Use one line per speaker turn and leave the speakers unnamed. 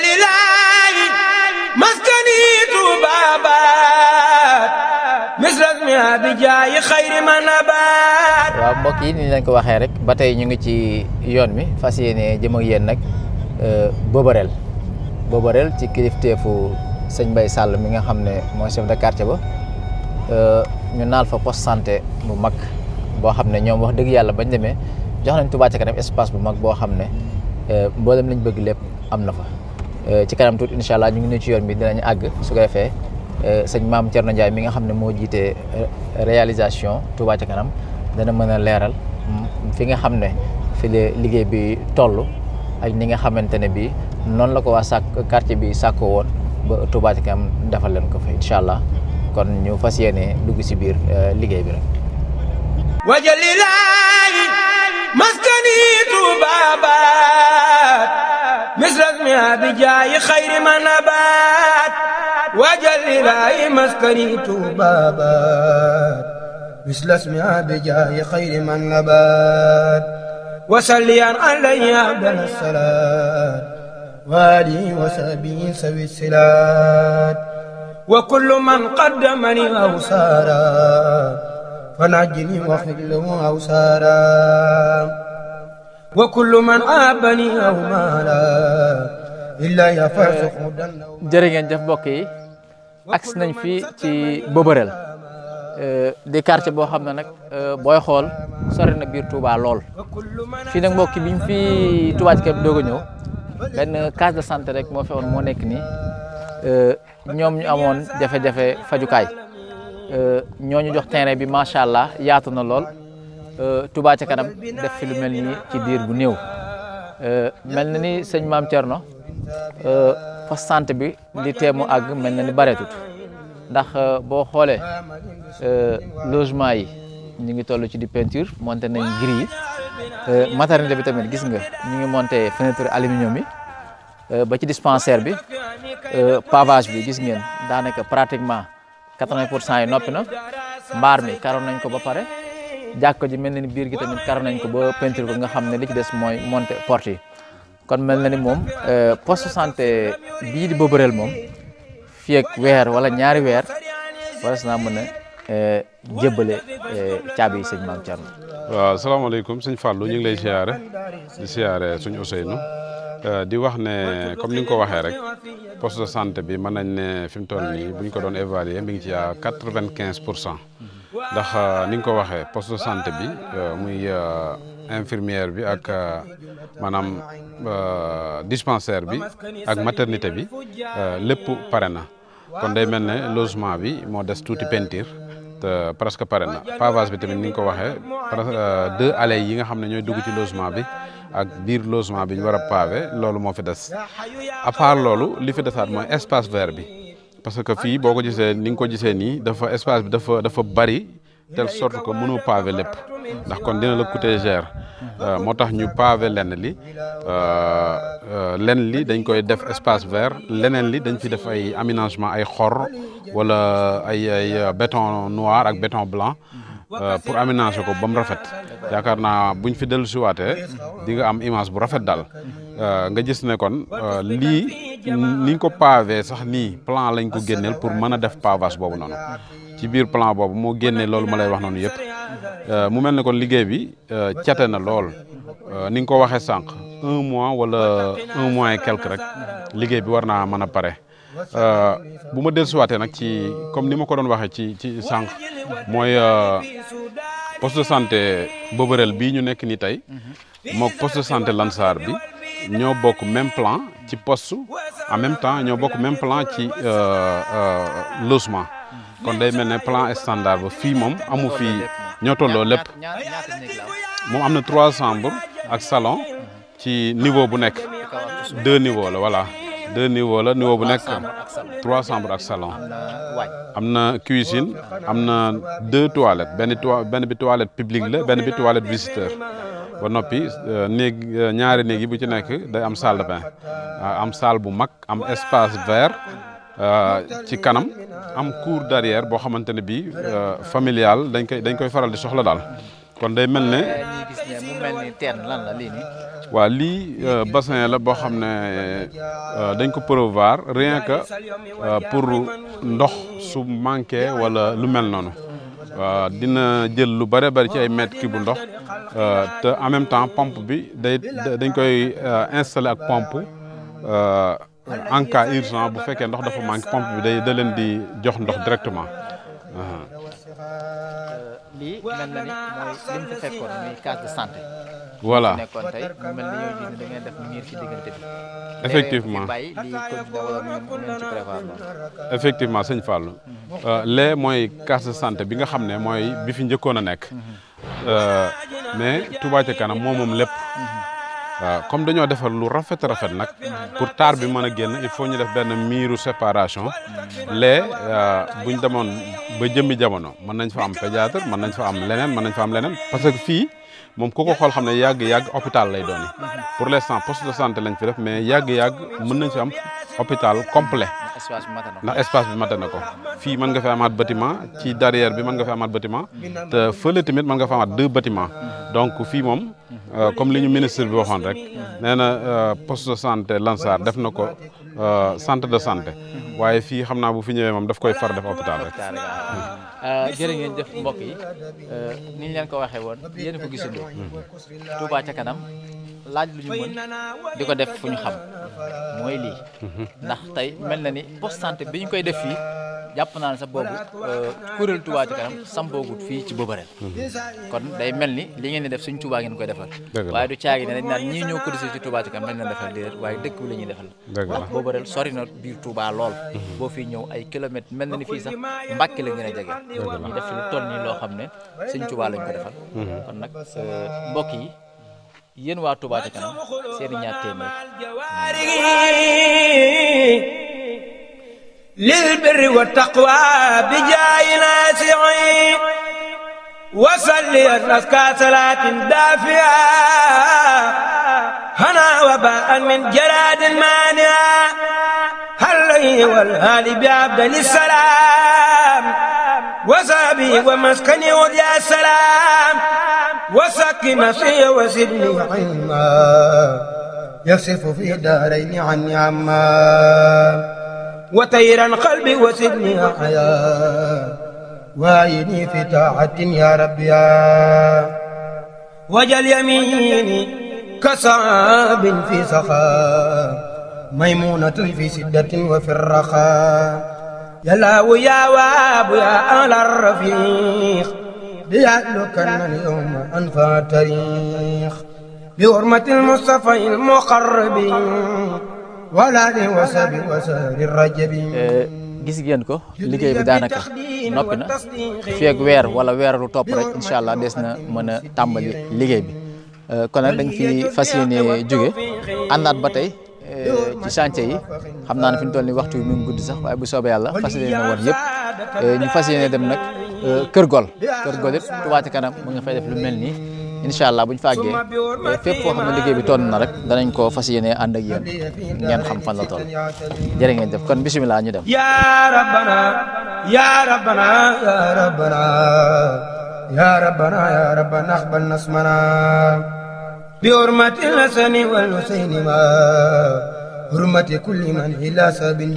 لله
مسكني تبابات مثل اسمها بجاي خير ما نبات
waaw mbokk yi ni leen ko waxee rek ba tey ñu ngi ci yoon mi fas yéene jëm yéen nag euh, Boborel Boborel ci kilifteefu sëñ Mbaye sàll mi nga xam ne mooy chef de quartier ba euh, ñu naal fa poste santé bu mag boo xam ne ñoom wax dëgg yàlla bañ demee jox nañ Touba ca kanam espace bu mag boo xam ne euh, mboolem lañ bëgg lépp am na fa Eh, ci kanam tuuti incha allah ñu ngi ne ci yoon bi dinañ àgg su ko defee eh, sëñ maam Thierno Ndiaye mi nga xam ne moo jiite réalisation Touba ca kanam dana mën a leeral fi nga xam ne fi la liggéey bi toll ak ni nga xamante ne bii noonu la ko waa sàkk quartier bi sàkkoo woon ba Touba kanam defal leen ko fa incha allah kon ñu fas yéene dugg si biir eh, liggéey bi rek.
wajalilaay maskani Touba misras mi abijaayi xayri ma nabaat wajal ilaahi maskani tuubaabaat misras mi abijaayi xayri ma nabaat wasalliyan alayhi abdal salaat waalihi wa sahbihi sawi silaat wa kullu man qaddamani aw saara fanajjini wa xillahu aw saara
wa kullu man abani aw mala illa ya farsuxu dan jërë ngeen jëf mbokk yi agsi nañ fi ci Boberel euh, di quartier boo xam ne nag euh, booy xool sori na biir Touba lool fii nag mbokk biñ fi Touba ci kanam doog a ñëw benn case de santé rek moo fewoon moo nekk nii euh, ñoom ñu amoon jafe-jafe fajukaay ñoo ñu jox terrain bi macha allah yaatu lool Euh, Touba ca kanam def fi lu mel nii ci diir bu néew euh, mel na ni sëñ maam Thierno euh, fa sant bi li teemu àgg mel na ni bareetut ndax boo xoolee logement yi ñu ngi toll ci di peinture monté nañ gris yi maternité bi tamit gis nga ñu ngi monté fenêtre aluminium yi ba ci dispensaire bi pavage bi gis ngeen daanaka pratiquement quatre-vingt pour cent yi noppi na mbaar mi karoon nañ ko ba pare jàkko ji mel na ni biir gi tamit kar nañ ko ba peinture ko nga xam ne li ci des mooy monter porte kon mel na ni moom euh, post santé bii di Boberel moom fii weer wala ñaari weer waras naa mën a euh, jébbale euh, caabi yi sëñ Maam Thierno.
waaw salaamaaleykum sëñ Fallou ñu ngi lay siyaare di siyaare suñu Ousseynou di wax ne comme ni nga ko waxee rek poste de santé bi mën nañ ne fi mu toll nii bu ñu ko doon évaluer mi ngi ci a quatre vingt quinze pour cent. ndax euh, ni nga ko waxee poste de santé bi euh, muy euh, infirmière bi ak maanaam dispensaire bi ak maternité bi lépp pare na kon day mel ne logement bi moo des tuuti peinture te presque pare na pavage bi tamit ni nga ko waxee deux allées yi nga xam ne ñooy dugg ci logement bi ak biir logement bi ñu war a pavé loolu moo fi des à loolu li fi desaat mooy espace vert bi. parce que fii boo ko gisee ni nga ko gisee nii dafa espace bi dafa dafa bari tel sorte que mënoo pavé lépp ndax kon dina la coûter cher euh, moo tax ñu pavé lenn li euh, euh, lenn li dañ koy def espace vert leneen li dañ fi def ay aménagement ay xor wala ay ay béton noir ak béton blanc pour aménager ko ba mu rafet yaakaar naa buñ fi dellusiwaatee di nga am image bu rafet daal nga gis kon lii. ni ñu ko pave sax nii plan lañ ko génneel pour mën a def pavage boobu noonu ci biir plan boobu moo génnee loolu ma lay wax noonu yëpp euh, mu mel ni kon liggéey bi euh, cate na lool euh, ni nga ko waxee sànq un mois wala un moins et liggéey bi war naa man a pare bu ma dellusiwaatee nag ci comme ni ma ko doon waxee ci ci sànq mooy poste de santé Boberel bii ñu nekk nii tey mook post de santé Lansar bi ñoo bokk même plan ci post en même temps ñoo bokk même plan ci euh, euh, logement kon day mel ne plan standard fii moom amu fii ñoo tolloo lépp moom am na trois chambres ak salon ci niveau bu nekk deux niveaux la voilà deux niveaux la niveau bu nekk trois cembre ak salon am na cuisine am na deux toilettes benn benn bi toilette publique la benn bi toilette visiteur ba noppi euh, néeg euh, ñaari néeg yi bu ci nekk day am salle de bain euh, am salle bu mag am espace vert ci kanam am cour derrière boo xamante ne bii familial dañ koy dañ koy faral di soxla daal kon day mel ne.
mu lii
waaw lii bassin la boo xam ne dañ ko prévoir rien que pour ndox su manqué wala lu mel noonu. dina jël lu bare bari ci ay mètre cube bu ndox euh, te en même temps pompe bi day dañ koy euh, installer ak pompe euh, en cas urgent bu fekkee ndox dafa manqué pompe bi day da leen di jox ndox directement. lii voilà
nekkoon tey mu effectivement eh, eh, bàyyi
di lee euh, mooy carte de santé bi nga xam ne mooy bi fi njëkkoon a nekk. Euh, mais Touba ca kanam moo moom lépp. Mm-hmm. waaw comme dañoo defar lu rafet rafet nag pour taar bi mën a génn il faut ñu def benn miiru séparation lee euh, buñ demoon ba jëmmi jamono mën nañ fa am pédiatre mën nañ fa am leneen mën nañ fa am leneen parce que fii. moom ku ko xool xam ne yàgg-yàgg hôpital lay doon pour l'instant poste de santé lañ fi def mais yàgg-yàgg mën nañ fi am hôpital complet ndax espace bi mate na ko fii mën nga fi amaat bâtiment ci derrière bi mën nga fi amaat bâtiment te fële tamit mën nga fi amaat deux bâtiment donc fii moom euh, comme li ñu ministre bi waxoon rek nee na euh, poste de santé Lansar def na ko Euh, centre de santé waaye fii xam naa bu fi ñëwee moom daf koy far def hôpital rek
euh, jërë ngeen jëf mbokk yi euh, ni ñu leen ko waxee woon yéen ko gisandoo hmm. Touba ca kanam laaj lu ñu mën di ko def fu ñu xam mooy lii ndax tey mel na ni poste santé bi ñu koy def fii jàpp naa ne sax boobu euh, kuréel Touba ci sam sampoogut fii ci Bobarel kon day mel ni li ngeen di def suñ Touba ngeen koy defal waaye du caagi ne dañ naan ñii ñoo cotisé ci Touba ci kanam dañ leen defal déedéet waaye dëkk bi ñuy defal ndax Bobarel sori na biir Touba lool mhm. boo fii ñëw ay kilomètres mel na ni fii sax Mbàkke la gën a jege ñu def fi lu toll nii loo xam ne suñ Touba lañu ko defal mhm. kon nag euh, mbokk yi yéen waa Touba ca kanam seeni ñaar
téeméer
lil birri wa taqwa bi
jaayi naasi'i wa aska salaatin daafi'a hana wa ba'an min jaraadin maani'a halli wal haali bi abdali salaam wa wa maskani wa salaam وسك نفسي وسبني عما يصف في دارين عني عما وطيرا قلبي وسبني حياة وعيني في طاعة يا ربي وجل يميني كصعاب في سخاء ميمونة في سدة وفي الرخاء يا لاو يا واب يا أهل الرفيق ليعدل كنا اليوم أنفى تاريخ
بحرمة المصطفى المقرب ولا لوسب وسب الرجب eh, gis ngeen ko liggéey bi daanaka noppi na feeg weer wala weer lu topp rek incha allah des na mën tàmbali liggéey bi eh, kon nag dañ fi fas yéene jóge àndaat ba tey eh, ci chantier yi xam naa ni fi ñu toll ni waxtu yi mu ngi guddi sax waaye bu soobee yàlla fas yéene woon yëpp ñu fas yéene dem nag Euh, Kër Gol Kër Gol it Touba Ca Kanam mu nga fay def lu mel nii incha allah bu ñu fa àggee euh, fépp foo xam ne bi toll na rek danañ ko fas yéene ànd ak yéen ngeen xam fan la toll jërë ngeen def kon bisimilah ñu dem. ya rabbana ya rabbana
ya rabbana nasmana bi hurmati al-hasani wal ma hurmati kulli man ila sabin